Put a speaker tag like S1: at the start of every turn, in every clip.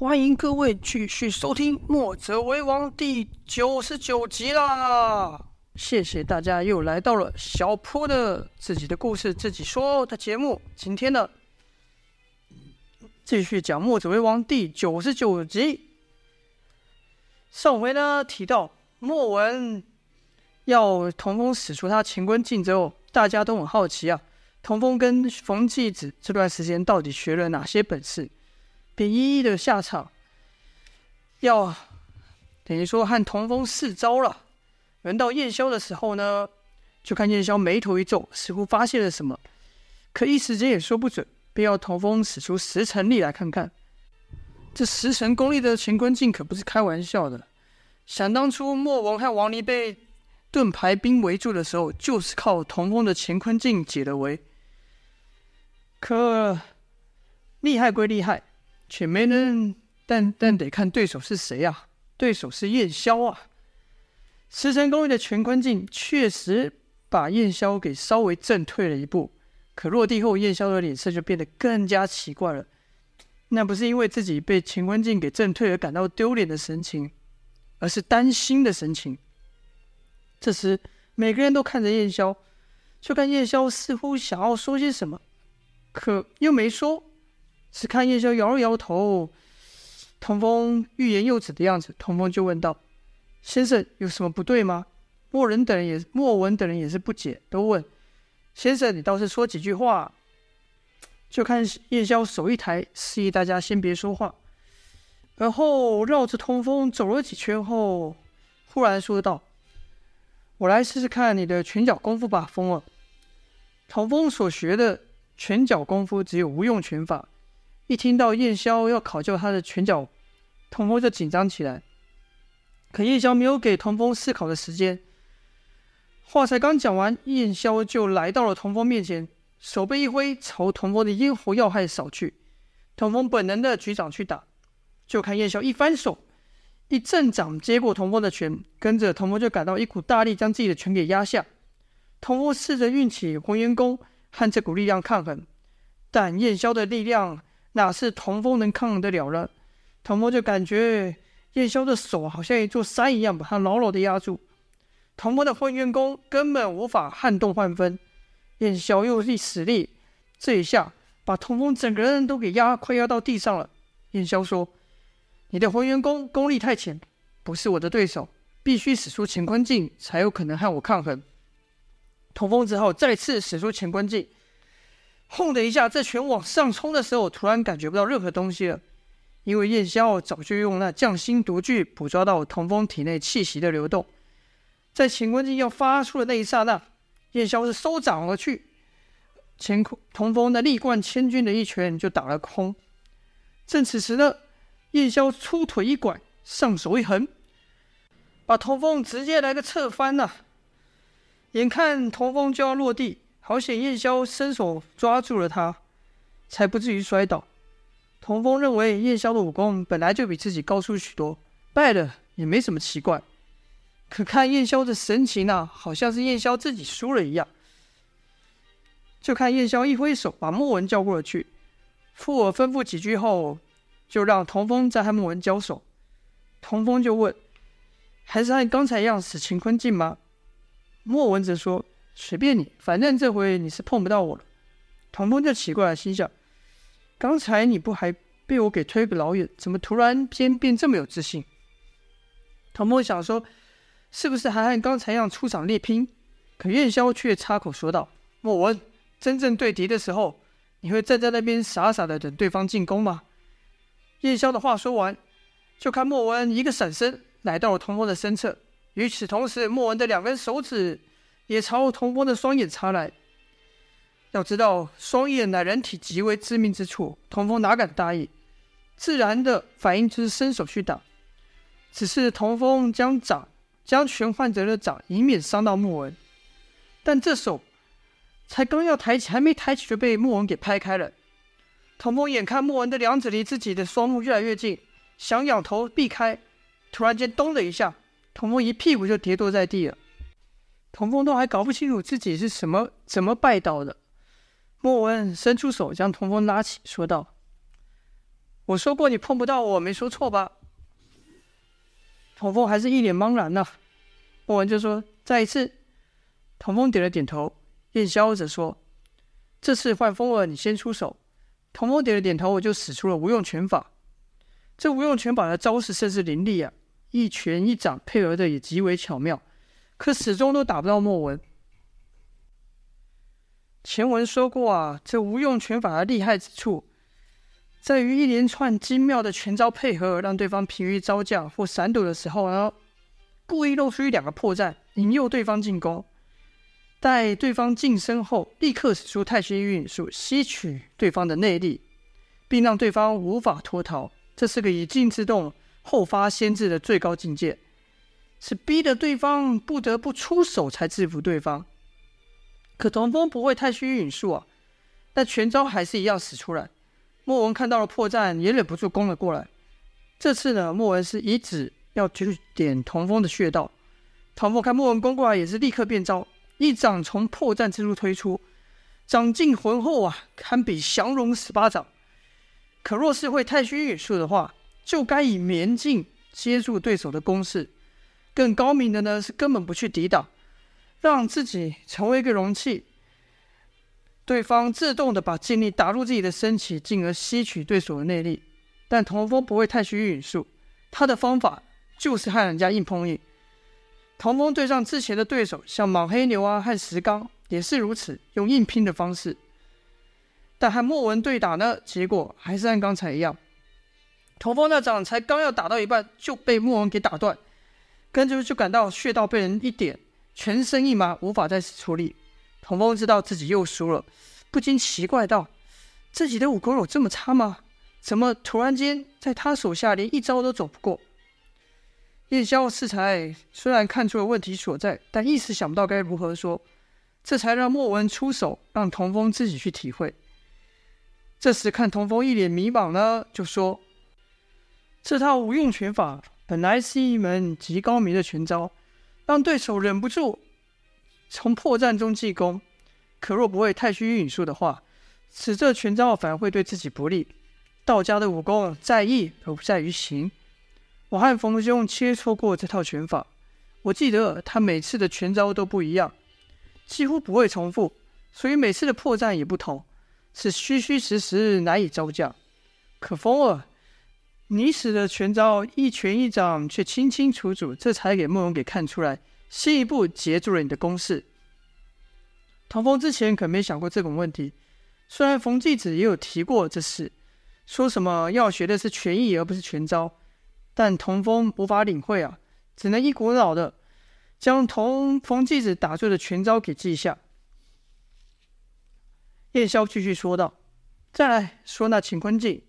S1: 歡迎各位繼續收聽《墨者為王》第九十九集啦！謝謝大家又來到了小坡的自己的故事自己說的節目。今天呢，繼續講《墨者為王》第九十九集。上回呢提到，墨文要童風使出他“乾坤鏡”之後，大家都很好奇啊，童風跟馮繼子這段時間到底學了哪些本事？葉一一的下場，要等於說和童風四招了。輪到葉蕭的時候呢，就看見蕭眉頭一皺，似乎發現了什麼，可一時間也說不準，便要童風使出十成力來看看。這十成功力的乾坤鏡可不是開玩笑的。想當初莫文和王離被盾牌兵圍住的時候，就是靠童風的乾坤鏡解的圍。可厲害歸厲害。卻沒能，但但得看對手是誰啊！對手是燕蕭啊！十成功力的乾坤鏡確實把燕蕭給稍微震退了一步，可落地後，燕蕭的臉色就變得更加奇怪了。那不是因為自己被乾坤鏡給震退而感到丟臉的神情，而是擔心的神情。這時，每個人都看着燕蕭，就看燕蕭似乎想要說些什麼，可又沒說。只看葉瀟搖了搖頭，童風欲言又止的樣子，童風就問道：“先生有什麼不對嗎？”莫人等人也，莫文等人也是不解，都問：“先生，你倒是說幾句話。”就看葉瀟手一抬，示意大家先別說話，然後繞着童風走了幾圈後，忽然說道：“我來試試看你的拳腳功夫吧，風兒。”童風所學的拳腳功夫只有無用拳法。一聽到燕霄要考究他的拳腳，童風就緊張起來。可燕霄沒有給童風思考的時間，話才剛講完，燕霄就來到了童風面前，手背一揮，朝童風的咽喉要害掃去。童風本能地舉掌去打，就看燕霄一翻手，一正掌接過童風的拳，跟着童風就感到一股大力將自己的拳給壓下。童風試着運起紅雲功，和這股力量抗衡，但燕霄的力量。哪是童風能抗衡得了呢？童風就感覺燕霄的手好像一座山一樣，把他牢牢的壓住。童風的混元功根本無法撼動半分。燕霄又力使力，這一下把童風整個人都給壓，快壓到地上了。燕霄說：“你的混元功功力太淺，不是我的對手，必須使出乾坤鏡才有可能和我抗衡。”童風之後再次使出乾坤鏡。轟的一下，這拳往上衝的時候，我突然感覺不到任何東西了，因為燕霄早就用那匠心獨具捕捉到銅童風體內氣息的流動，在乾坤勁，要發出的那一剎那，燕霄是收掌而去，乾坤，童風那力貫千鈞的一拳就打了空。正此時呢，燕霄出腿一拐，上手一橫，把童風直接來個側翻吶！眼看童風就要落地。好險！燕瀟伸手抓住了他，才不至於摔倒。童風認為燕瀟的武功本來就比自己高出許多，敗了也沒什麼奇怪。可看燕瀟這神情啊，好像是燕瀟自己輸了一樣。就看燕瀟一揮手，把莫文叫過了去，附耳吩咐幾句後，就讓童風再和莫文交手。童風就問：“還是按剛才一樣使乾坤勁嗎？”莫文則說。隨便你，反正這回你是碰不到我了。童風就奇怪了，心想：剛才你不還被我給推個老遠，怎麼突然間變這麼有自信？童風想說，是不是還像剛才一樣出場獵拼？可晏瀟卻插口說道：“莫文，真正對敵的時候，你會站在那邊傻傻的等對方進攻嗎？”晏瀟的話說完，就看莫文一個閃身來到了童風的身側。與此同時，莫文的兩根手指，也朝我童風的雙眼插來。要知道，雙眼乃人體極為致命之處，童風哪敢大意？自然的反應就是伸手去擋。只是童風將掌，將拳換成了掌，以免傷到墨文。但這手才剛要抬起，還沒抬起就被墨文給拍開了。童風眼看墨文的兩指離自己的雙目越來越近，想仰頭避開，突然間咚的一下，童風一屁股就跌坐在地了。童風都還搞不清楚自己是什麼怎麼拜倒的，莫文伸出手將童風拉起，說道：“我說過你碰不到我，沒說錯吧？”童風還是一臉茫然吶、啊，莫文就說：“再一次。”童風點了點頭。燕瀟則說：“這次換風兒，你先出手。”童風點了點頭，我就使出了無用拳法。這無用拳法的招式甚是凌厲啊，一拳一掌配合的也極為巧妙。可始終都打不到莫文。前文說過啊，這無用拳法的厲害之處，在於一連串精妙的拳招配合，讓對方疲於招架或閃躲的時候，然後故意露出一兩個破綻，引誘對方進攻。待對方近身後，立刻使出太虛運術，吸取對方的內力，並讓對方無法脫逃。這是個以靜制動、後發先至的最高境界。是逼得對方不得不出手才制服對方，可童風不會太虛影術啊，但拳招還是一樣使出來。莫文看到了破綻，也忍不住攻了過來。這次呢，莫文是一直要去點童風的穴道。童風看莫文攻過來，也是立刻變招，一掌從破綻之處推出，掌勁渾厚啊，堪比降龍十八掌。可若是會太虛影術的話，就該以綿勁接住對手的攻勢。更高明的呢，是根本不去抵擋，讓自己成為一個容器，對方自動的把勁力打入自己的身體，進而吸取對手的內力。但唐風不會太去運輸，他的方法就是和人家硬碰硬。唐風對上之前的對手，像莽黑牛啊和石剛也是如此，用硬拼的方式。但和莫文對打呢，結果還是按剛才一樣，唐風那掌才剛要打到一半，就被莫文給打斷。跟着就感到穴道被人一點，全身一麻，無法再次處理。童峰知道自己又輸了，不禁奇怪道：“自己的武功有這麼差嗎？怎麼突然間在他手下連一招都走不過？”葉蕭四才雖然看出了問題所在，但一時想不到該如何說，這才讓莫文出手，讓童峰自己去體會。這時看童峰，一臉迷茫呢，就說：“這套無用拳法。”本來是一門極高明的拳招，讓對手忍不住從破綻中進攻。可若不會太虛運術的話，此這拳招，招反而會對自己不利。道家的武功在意而不在於形。我和馮兄切磋過這套拳法，我記得他每次的拳招，招都不一樣，幾乎不會重複，所以每次的破綻也不同，是虛虛實實，難以招架。可風兒。你使的拳招一拳一掌，卻清清楚楚，這才給慕容給看出來，先一步截住了你的攻勢。童風之前可沒想過這種問題，雖然馮繼子也有提過這事，說什麼要學的是拳意而不是拳招，但童風無法領會啊，只能一股腦的將同馮繼子打碎的拳招給記下。夜宵繼續說道：“再來說那乾坤技。”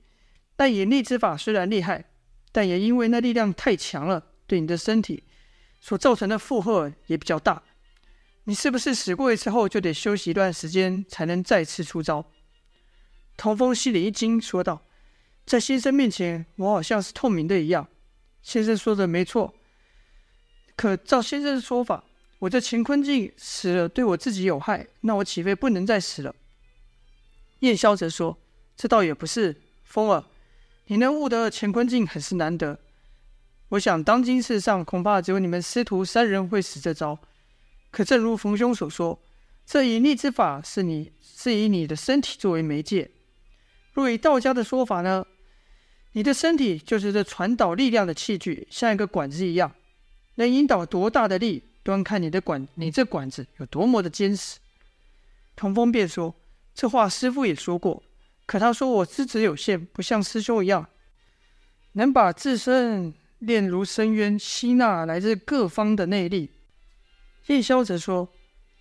S1: 但引力之法雖然厲害，但也因為那力量太強了，對你的身體所造成的負荷也比較大。你是不是死過一次後就得休息一段時間，才能再次出招？童風心裡一驚，說道：“在先生面前，我好像是透明的一樣。先生說的沒錯，可照先生的說法，我這乾坤鏡死了對我自己有害，那我豈非不能再死了？”燕蕭則說：“這倒也不是，風兒。”你能悟得乾坤勁，很是難得。我想，當今世上恐怕只有你們師徒三人會使這招。可正如馮兄所說，這引力之法是你是以你的身體作為媒介。若以道家的說法呢？你的身體就是這傳導力量的器具，像一個管子一樣，能引導多大的力，端看你的管，你這管子有多麼的堅實。童風便說：“這話，師父也說過。”可他說我資質有限，不像師兄一樣能把自身煉如深淵，吸納來自各方的內力。葉蕭則說，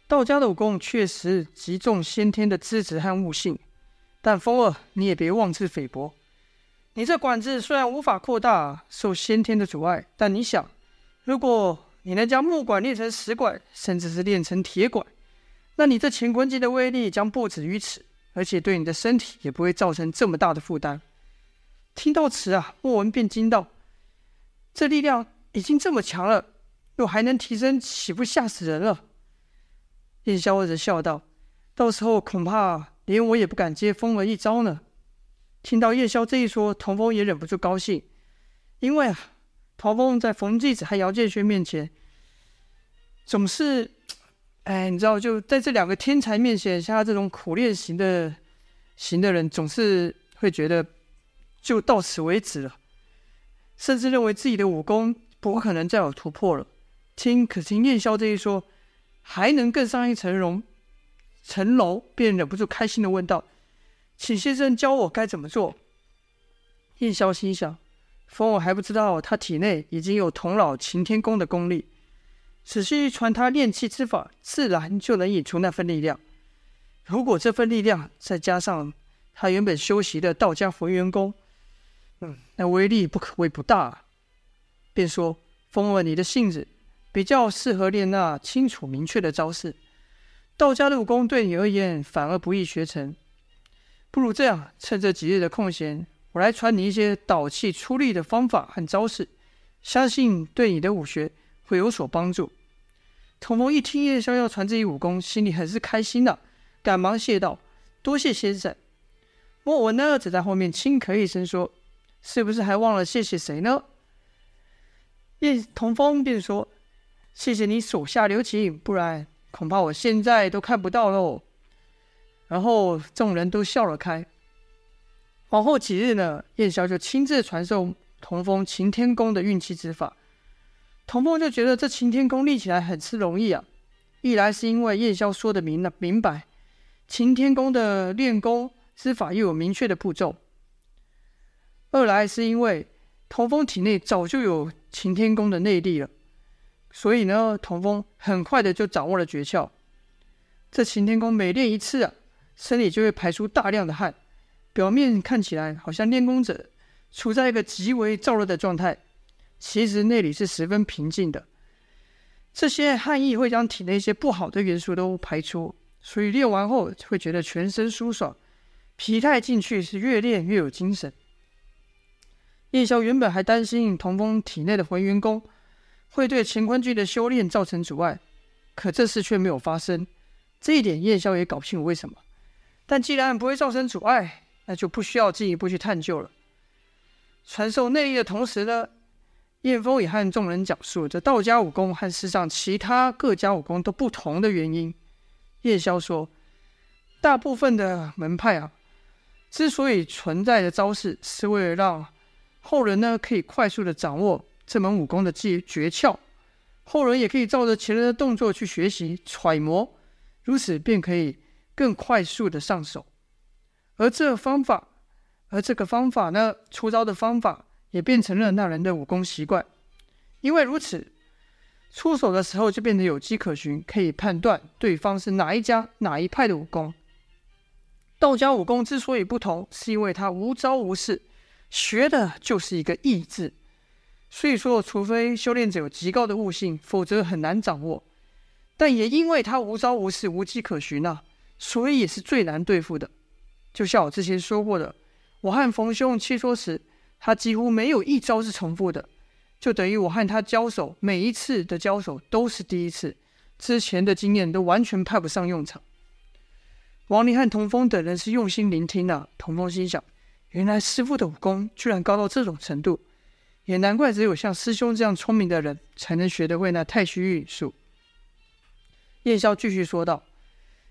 S1: 道家的武功確實極重先天的資質和悟性，但風兒你也別妄自菲薄。你這管子雖然無法擴大，受先天的阻礙，但你想，如果你能將木管練成石管，甚至是練成鐵管，那你這乾坤機的威力將不止於此。而且對你的身體也不會造成這麼大的負擔。聽到此啊，莫文便驚道：“這力量已經這麼強了，若還能提升，豈不嚇死人了？”葉霄微的笑道：“到時候恐怕連我也不敢接風兒一招呢。”聽到葉霄這一說，童風也忍不住高興，因為啊，陶風在馮繼子和姚建軒面前總是。哎，你知道，就在這兩個天才面前，像他這種苦練型的型的人，總是會覺得就到此為止了，甚至認為自己的武功不可能再有突破了。聽可聽燕瀟這一說，還能更上一層樓，層樓，層樓，便忍不住開心的問道：“請先生教我該怎麼做？”燕瀟心想，馮我還不知道他體內已經有童老擎天功的功力，只需傳他練氣之法，自然就能引出那份力量。如果這份力量再加上他原本修習的道家混元功，嗯，那威力不可謂不大啊。便說：“風兒，你的性子比較適合練那清楚明確的招式，道家的武功對你而言反而不易學成。不如這樣，趁這幾日的空閒，我來傳你一些導氣出力的方法和招式，相信對你的武學會有所幫助。”童風一聽燕宵要傳自己武功，心裡很是開心的，趕忙謝道：“多謝先生。我”莫文呢，則在後面輕咳一聲說：“是不是還忘了謝謝誰呢？”燕童風便說：“謝謝你手下留情，不然恐怕我現在都看不到嘍。”然後眾人都笑了開。往後幾日呢，燕小就親自傳授童風擎天功的運氣之法。童風就覺得這擎天功立起來很是容易啊。一來是因為葉蕭說的明了明白，擎天功的練功之法又有明確的步驟；二來是因為童風體內早就有擎天功的內力了，所以呢，童風很快的就掌握了訣竅。這擎天功每練一次啊，身體就會排出大量的汗，表面看起來好像練功者處在一個極為燥熱的狀態。其實內裏是十分平靜的。這些汗液會將體內一些不好的元素都排出，所以練完後會覺得全身舒爽，疲態盡去，是越練越有精神。葉蕭原本還擔心童風體內的回元功會對乾坤鏡的修煉造成阻礙，可這事卻沒有發生，這一點葉蕭也搞不清為什麼。但既然不會造成阻礙，那就不需要進一步去探究了。傳授內力的同時呢，燕峰也和眾人講述這道家武功和世上其他各家武功都不同的原因。葉蕭說：“大部分的門派啊，之所以存在的招式，是為了讓後人呢可以快速的掌握這門武功的技訣竅，後人也可以照着前人的動作去學習揣摩，如此便可以更快速的上手。而這方法，而這個方法呢，出招的方法。”也變成了那人的武功習慣，因為如此，出手的時候就變得有跡可循，可以判斷對方是哪一家哪一派的武功。道家武功之所以不同，是因為他無招無式，學的就是一個意字。所以說，除非修煉者有極高的悟性，否則很難掌握。但也因為他無招無式，無跡可循啊，所以也是最難對付的。就像我之前說過的，我和馮兄切磋時，他幾乎沒有一招是重複的，就等於我和他交手，每一次的交手都是第一次，之前的經驗都完全派不上用場。王林和童峰等人是用心聆聽的、啊，童峰心想：原來師傅的武功居然高到這種程度，也難怪只有像師兄這樣聰明的人才能學得會那太虛運術。葉宵繼續說道：“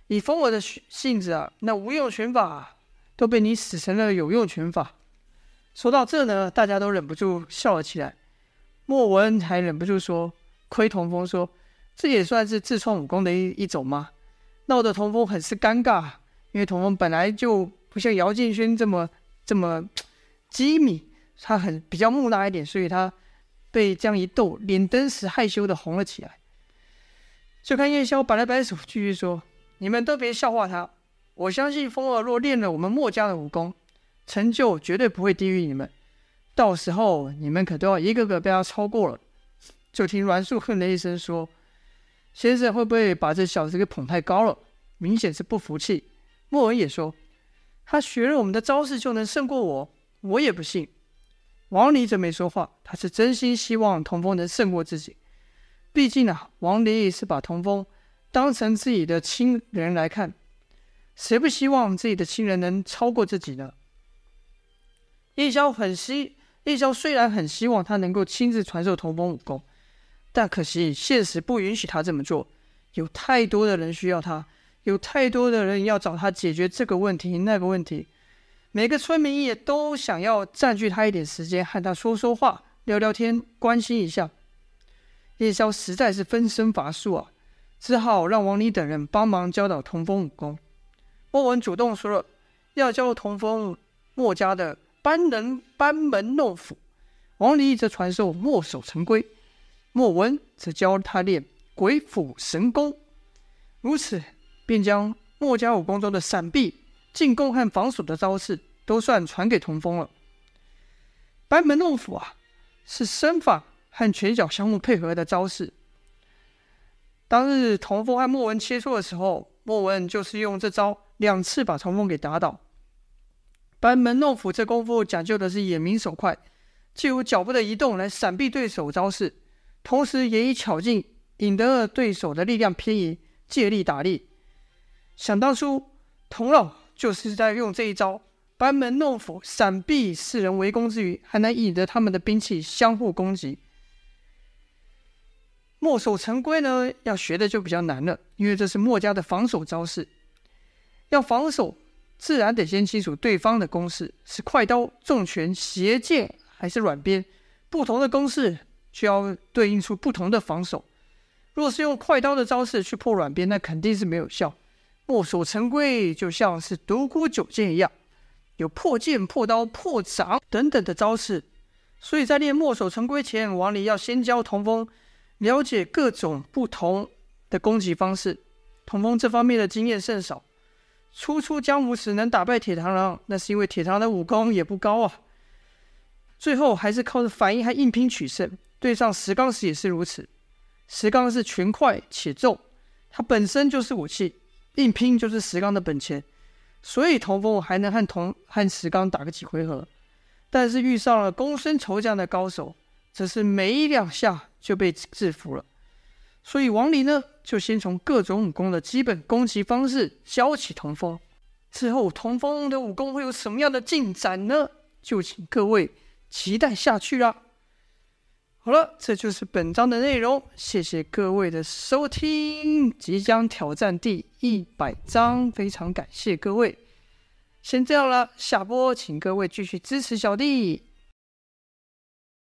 S1: 以風兒的性子啊，那無用拳法、啊、都被你使成了有用拳法。”說到這呢，大家都忍不住笑了起來。莫文還忍不住說：“虧童風說，這也算是自創武功的一一種嗎？”鬧得童風很是尷尬，因為童風本來就不像姚勁軒這麼這麼機敏，他很比較木訥一點，所以他被這樣一逗，臉登時害羞地紅了起來。就看葉宵擺了擺手，繼續說：“你們都別笑話他，我相信風兒若練了我們墨家的武功。”成就絕對不會低於你們，到時候你們可都要一個個被他超過了。就聽欒樹哼了一聲說：“先生會不會把這小子給捧太高了？明顯是不服氣。”莫文也說：“他學了我們的招式就能勝過我，我也不信。”王離則沒說話，他是真心希望童風能勝過自己。畢竟啊，王離是把童風當成自己的親人來看，誰不希望自己的親人能超過自己呢？葉蕭很希，葉蕭雖然很希望他能夠親自傳授同風武功，但可惜現實不允許他這麼做。有太多的人需要他，有太多的人要找他解決這個問題、那個問題。每個村民也都想要佔據他一點時間，和他說說話、聊聊天、關心一下。葉蕭實在是分身乏術啊，只好讓王離等人幫忙教導同風武功。莫文主動說了要教同風墨家的。班人班門弄斧，王離則傳授墨守成規，莫文則教他練鬼斧神工。如此，便將墨家武功中的閃避、進攻和防守的招式都算傳給童風了。班門弄斧啊，是身法和拳腳相互配合的招式。當日童風和莫文切磋的時候，莫文就是用這招兩次把童風給打倒。班門弄斧這功夫講究的是眼明手快，借由腳步的移動來閃避對手招式，同時也以巧勁引得對手的力量偏移，借力打力。想當初，童老就是在用這一招班門弄斧，閃避四人圍攻之餘，還能引得他們的兵器相互攻擊。墨守成規呢，要學的就比較難了，因為這是墨家的防守招式，要防守。自然得先清楚對方的攻勢是快刀、重拳、斜劍還是軟鞭，不同的攻勢就要對應出不同的防守。若是用快刀的招式去破軟鞭，那肯定是沒有效。墨守成規就像是獨孤九劍一樣，有破劍、破刀、破掌等等的招式。所以在練墨守成規前，王里要先教童風了解各種不同的攻擊方式。童風這方面的經驗甚少。初出江湖時能打敗鐵螳螂，那是因為鐵螳螂的武功也不高啊。最後還是靠着反應和硬拼取勝。對上石剛時也是如此，石剛是拳快且重，他本身就是武器，硬拼就是石剛的本錢。所以童風還能和童和石剛打個幾回合，但是遇上了公孫仇這樣的高手，只是沒兩下就被制服了。所以王林呢，就先從各種武功的基本攻擊方式教起童風。之後童風的武功會有什麼樣的進展呢？就請各位期待下去啦！好了，這就是本章的內容。謝謝各位的收聽。即將挑戰第一百章，非常感謝各位。先這樣啦，下播，請各位繼續支持小弟。